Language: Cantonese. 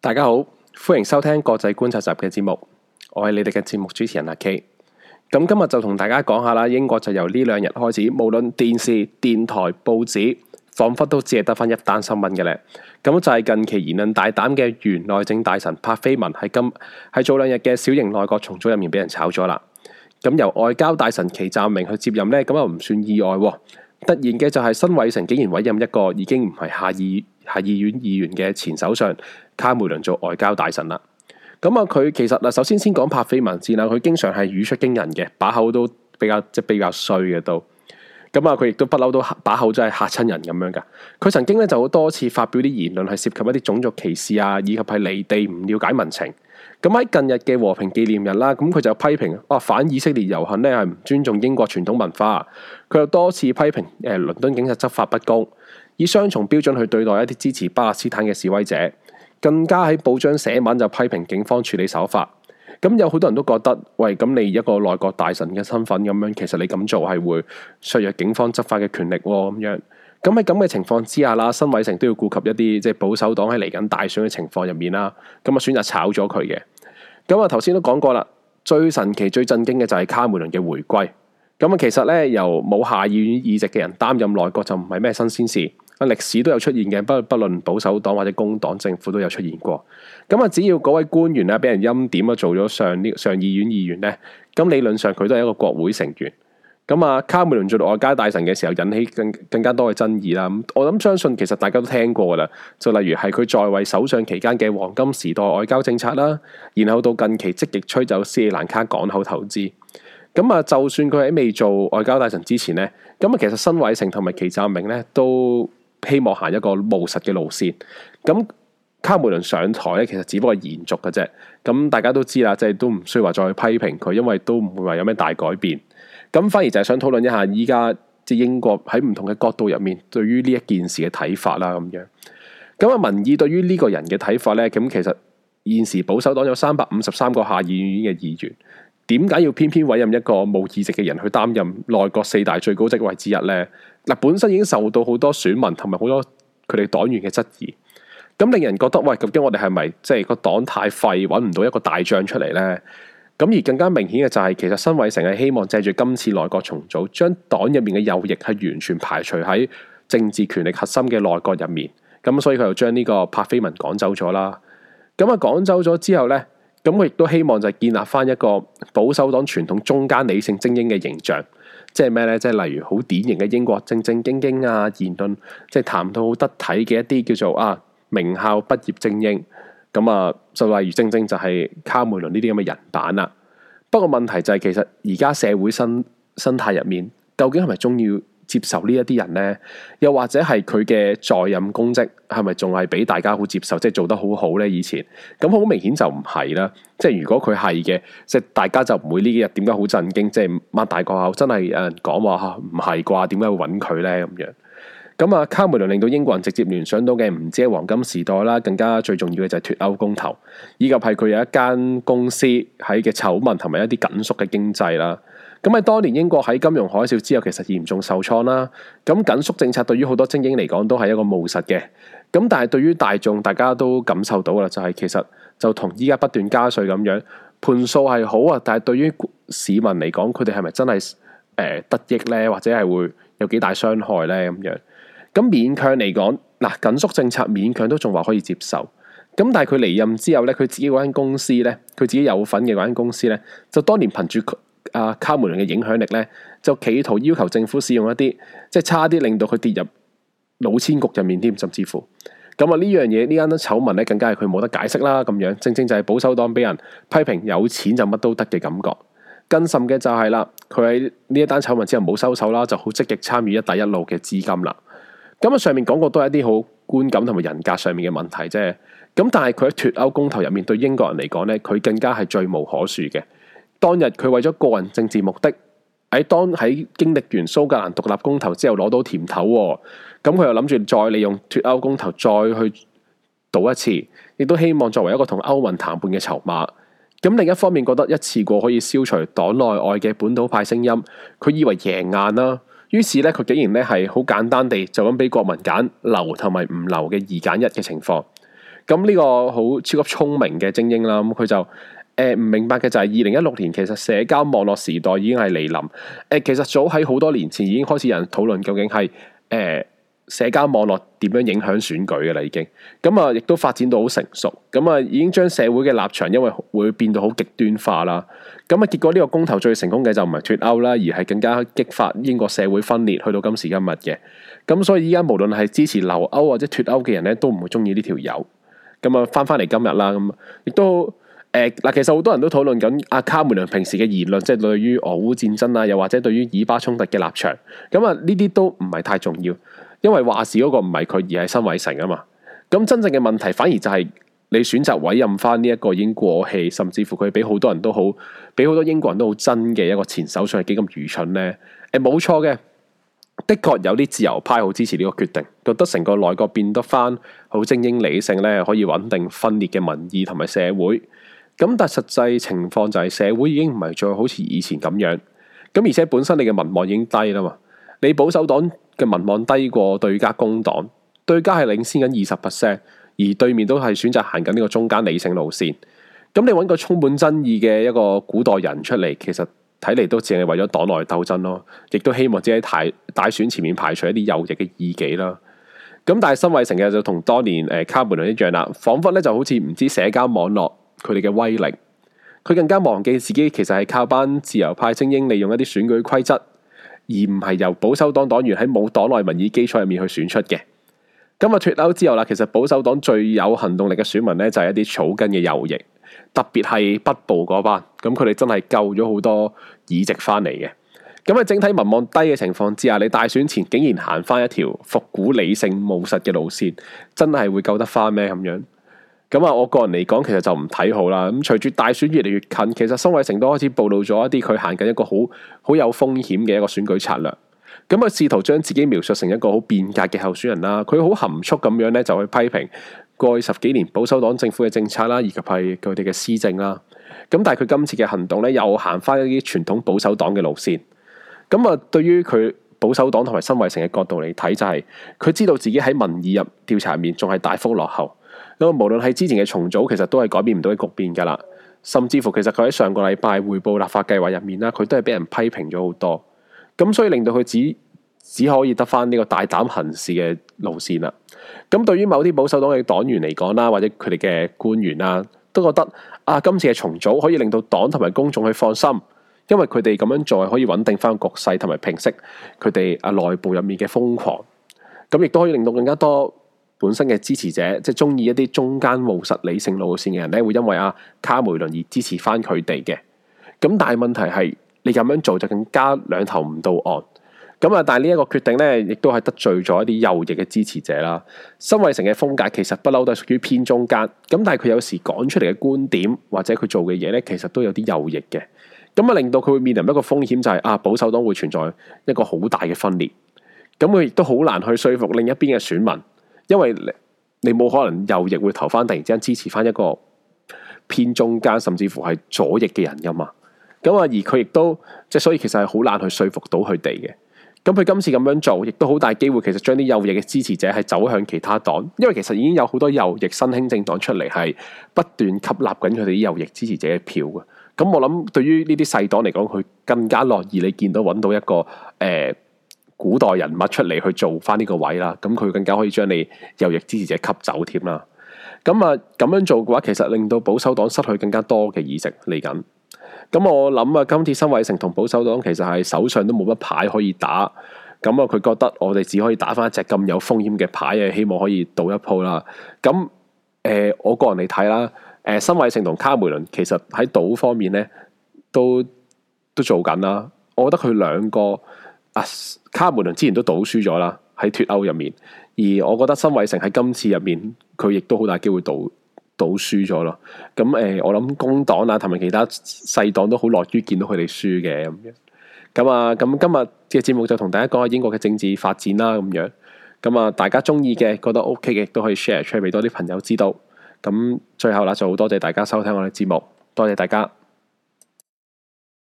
大家好，歡迎收聽國際觀察集嘅節目，我係你哋嘅節目主持人阿 K。咁今日就同大家講下啦，英國就由呢兩日開始，無論電視、電台、報紙，仿佛都只係得翻一單新聞嘅咧。咁就係、是、近期言論大膽嘅原內政大臣柏斐文喺今係早兩日嘅小型內閣重組入面俾人炒咗啦。咁由外交大臣祁扎明去接任呢，咁又唔算意外。突然嘅就係辛偉誠竟然委任一個已經唔係下議。喺議院議員嘅前首相卡梅倫做外交大臣啦。咁啊，佢其實啊，首先先講柏斐文先啦。佢、啊、經常係語出驚人嘅，把口都比較即比較衰嘅都。咁啊，佢亦都不嬲都把口真係嚇親人咁樣噶。佢、啊、曾經咧就好多次發表啲言論係涉及一啲種族歧視啊，以及係離地唔了解民情。咁喺近日嘅和平紀念日啦，咁佢就批評啊反以色列遊行呢係唔尊重英國傳統文化，佢又多次批評誒倫敦警察執法不公，以雙重標準去對待一啲支持巴勒斯坦嘅示威者，更加喺報章寫文就批評警方處理手法。咁有好多人都覺得，喂，咁你一個內閣大臣嘅身份咁樣，其實你咁做係會削弱警方執法嘅權力喎，咁樣。咁喺咁嘅情況之下啦，辛偉誠都要顧及一啲即係保守黨喺嚟緊大選嘅情況入面啦，咁啊選擇炒咗佢嘅。咁啊，頭先都講過啦，最神奇、最震驚嘅就係卡梅倫嘅回歸。咁啊，其實咧由冇下議院議席嘅人擔任內閣就唔係咩新鮮事，啊歷史都有出現嘅，不不論保守黨或者工黨政府都有出現過。咁啊，只要嗰位官員咧俾人欽點啊，做咗上呢上議院議員咧，咁理論上佢都係一個國會成員。咁啊，卡梅倫做到外交大臣嘅時候，引起更更加多嘅爭議啦。我諗相信其實大家都聽過啦，就例如係佢在位首相期間嘅黃金時代外交政策啦，然後到近期積極吹走斯里蘭卡港口投資。咁啊，就算佢喺未做外交大臣之前呢，咁啊，其實辛偉誠同埋祁贊明呢都希望行一個務實嘅路線。咁卡梅倫上台咧，其實只不過延續嘅啫。咁大家都知啦，即係都唔需要話再去批評佢，因為都唔會話有咩大改變。咁反而就係想討論一下依家即係英國喺唔同嘅角度入面，對於呢一件事嘅睇法啦，咁樣。咁啊，民意對於呢個人嘅睇法呢，咁其實現時保守黨有三百五十三個下議院嘅議員，點解要偏偏委任一個冇議席嘅人去擔任內閣四大最高職位之一呢？嗱，本身已經受到好多選民同埋好多佢哋黨員嘅質疑，咁令人覺得喂，究竟我哋係咪即係個黨太廢，搵唔到一個大將出嚟呢？咁而更加明顯嘅就係、是，其實辛偉誠係希望借住今次內閣重組，將黨入面嘅右翼係完全排除喺政治權力核心嘅內閣入面。咁所以佢又將呢個柏斐文趕走咗啦。咁啊，趕走咗之後呢，咁佢亦都希望就係建立返一個保守黨傳統中間理性精英嘅形象。即係咩呢？即係例如好典型嘅英國正正經經啊，言論即係談到好得體嘅一啲叫做啊，名校畢業精英。咁啊，就例如正正就係卡梅倫呢啲咁嘅人辦啦。不過問題就係，其實而家社會生生態入面，究竟係咪鍾意接受呢一啲人呢？又或者係佢嘅在任公職係咪仲係俾大家好接受？即係做得好好呢？以前咁好明顯就唔係啦。即係如果佢係嘅，即係大家就唔會呢幾日點解好震驚？即係擘大個口，真係有人講話「唔係啩？點解會揾佢呢？」咁樣。咁啊，卡梅倫令到英國人直接聯想到嘅唔止係黃金時代啦，更加最重要嘅就係脫歐公投，以及係佢有一間公司喺嘅醜聞，同埋一啲緊縮嘅經濟啦。咁喺當年英國喺金融海嘯之後，其實嚴重受創啦。咁緊縮政策對於好多精英嚟講都係一個務實嘅，咁但係對於大眾，大家都感受到啦，就係、是、其實就同依家不斷加稅咁樣，盤數係好啊，但係對於市民嚟講，佢哋係咪真係誒得益咧，或者係會有幾大傷害咧咁樣？咁勉強嚟講，嗱，緊縮政策勉強都仲話可以接受。咁但係佢離任之後咧，佢自己嗰間公司咧，佢自己有份嘅嗰間公司咧，就當年憑住阿卡梅倫嘅影響力咧，就企圖要求政府使用一啲即係差啲，令到佢跌入老千局入面添，甚至乎咁啊，呢樣嘢呢間醜聞咧，更加係佢冇得解釋啦。咁樣正正就係保守黨俾人批評有錢就乜都得嘅感覺。更甚嘅就係、是、啦，佢喺呢一單醜聞之後冇收手啦，就好積極參與一帶一路嘅資金啦。咁啊，上面講過都係一啲好觀感同埋人格上面嘅問題啫。咁但係佢喺脫歐公投入面對英國人嚟講呢，佢更加係罪無可恕嘅。當日佢為咗個人政治目的，喺當喺經歷完蘇格蘭獨立公投之後攞到甜頭喎，咁佢又諗住再利用脫歐公投再去賭一次，亦都希望作為一個同歐盟談判嘅籌碼。咁另一方面覺得一次過可以消除黨內外嘅本土派聲音，佢以為贏硬啦。於是咧，佢竟然咧係好簡單地就咁俾國民揀留同埋唔留嘅二揀一嘅情況。咁、這、呢個好超級聰明嘅精英啦，咁佢就誒唔、呃、明白嘅就係二零一六年其實社交網絡時代已經係嚟臨。誒、呃，其實早喺好多年前已經開始有人討論究竟係誒。呃社交網絡點樣影響選舉嘅啦？已經咁啊，亦都發展到好成熟咁啊，已經將社會嘅立場，因為會變到好極端化啦。咁啊，結果呢個公投最成功嘅就唔係脱歐啦，而係更加激發英國社會分裂，去到今時今日嘅。咁所以依家無論係支持留歐或者脱歐嘅人咧，都唔會中意呢條友。咁啊，翻翻嚟今日啦，咁亦都誒嗱，其實好多人都討論緊阿卡梅倫平時嘅言論，即係對於俄烏戰爭啊，又或者對於以巴衝突嘅立場。咁啊，呢啲都唔係太重要。因為話事嗰個唔係佢，而係辛偉誠啊嘛。咁真正嘅問題，反而就係你選擇委任翻呢一個已經過氣，甚至乎佢俾好多人都好，俾好多英國人都好憎嘅一個前首相，係幾咁愚蠢呢？誒、欸，冇錯嘅，的確有啲自由派好支持呢個決定，覺得成個內閣變得翻好精英理性呢，可以穩定分裂嘅民意同埋社會。咁但係實際情況就係社會已經唔係再好似以前咁樣。咁而且本身你嘅民望已經低啦嘛，你保守黨嘅民望低過對家工黨，對家係領先緊二十 percent，而對面都係選擇行緊呢個中間理性路線。咁你揾個充滿爭議嘅一個古代人出嚟，其實睇嚟都淨係為咗黨內鬥爭咯，亦都希望自己喺大選前面排除一啲右翼嘅意見啦。咁但係辛偉誠嘅就同當年誒卡梅倫一樣啦，彷彿咧就好似唔知社交網絡佢哋嘅威力，佢更加忘記自己其實係靠班自由派精英利用一啲選舉規則。而唔係由保守黨黨，黨員喺冇黨內民意基礎入面去選出嘅。咁啊脫歐之後啦，其實保守黨最有行動力嘅選民咧，就係、是、一啲草根嘅右翼，特別係北部嗰班。咁佢哋真係救咗好多議席翻嚟嘅。咁喺整體民望低嘅情況之下，你大選前竟然行翻一條復古理性務實嘅路線，真係會救得翻咩咁樣？咁啊，我個人嚟講，其實就唔睇好啦。咁隨住大選越嚟越近，其實辛偉誠都開始暴露咗一啲佢行緊一個好好有風險嘅一個選舉策略。咁啊，試圖將自己描述成一個好變革嘅候選人啦。佢好含蓄咁樣咧，就去批評過去十幾年保守黨政府嘅政策啦，以及係佢哋嘅施政啦。咁但係佢今次嘅行動咧，又行翻一啲傳統保守黨嘅路線。咁啊，對於佢保守黨同埋辛偉誠嘅角度嚟睇，就是，就係佢知道自己喺民意入調查入面仲係大幅落後。咁無論係之前嘅重組，其實都係改變唔到啲局面噶啦，甚至乎其實佢喺上個禮拜匯報立法計劃入面啦，佢都係俾人批評咗好多，咁所以令到佢只只可以得翻呢個大膽行事嘅路線啦。咁對於某啲保守黨嘅黨員嚟講啦，或者佢哋嘅官員啦，都覺得啊今次嘅重組可以令到黨同埋公眾去放心，因為佢哋咁樣做係可以穩定翻個局勢，同埋平息佢哋啊內部入面嘅瘋狂，咁亦都可以令到更加多。本身嘅支持者，即係中意一啲中間務實理性路線嘅人咧，會因為阿卡梅倫而支持翻佢哋嘅。咁但係問題係你咁樣做就更加兩頭唔到岸咁啊。但係呢一個決定咧，亦都係得罪咗一啲右翼嘅支持者啦。辛偉誠嘅風格其實不嬲都係屬於偏中間咁，但係佢有時講出嚟嘅觀點或者佢做嘅嘢咧，其實都有啲右翼嘅。咁啊，令到佢會面臨一個風險就係啊，保守黨會存在一個好大嘅分裂，咁佢亦都好難去說服另一邊嘅選民。因為你冇可能右翼會投翻，突然之間支持翻一個偏中間甚至乎係左翼嘅人噶嘛，咁啊，而佢亦都即係所以其實係好難去說服到佢哋嘅。咁佢今次咁樣做亦都好大機會其實將啲右翼嘅支持者係走向其他黨，因為其實已經有好多右翼新興政黨出嚟係不斷吸納緊佢哋啲右翼支持者嘅票嘅。咁我諗對於呢啲細黨嚟講，佢更加樂意你見到揾到一個誒。呃古代人物出嚟去做翻呢個位啦，咁佢更加可以將你右翼支持者吸走添啦。咁啊，咁樣做嘅話，其實令到保守黨失去更加多嘅議席嚟緊。咁我諗啊，今次辛偉誠同保守黨其實係手上都冇乜牌可以打。咁啊，佢覺得我哋只可以打翻一隻咁有風險嘅牌嘅，希望可以賭一鋪啦。咁誒、呃，我個人嚟睇啦，誒，辛偉誠同卡梅倫其實喺賭方面呢都都做緊啦。我覺得佢兩個。啊、卡梅倫之前都賭輸咗啦，喺脫歐入面。而我覺得辛偉誠喺今次入面，佢亦都好大機會賭賭輸咗咯。咁誒、呃，我諗工黨啊，同埋其他細黨都好樂於見到佢哋輸嘅咁樣。咁啊，咁今日嘅節目就同大家講下英國嘅政治發展啦，咁樣。咁啊，大家中意嘅，覺得 OK 嘅，都可以 share 出嚟俾多啲朋友知道。咁最後啦，就好多謝大家收聽我哋節目，多謝大家。